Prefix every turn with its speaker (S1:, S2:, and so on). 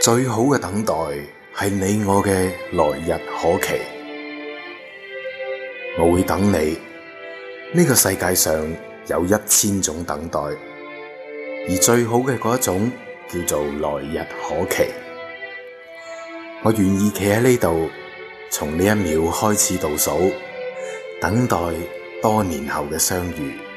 S1: 最好嘅等
S2: 待，係你我嘅來日可期，我會等你。呢個世界上有一千種等待，而最好嘅嗰一種叫做來日可期。我願意企喺呢度，從呢一秒開始倒數，等待多年後嘅相遇。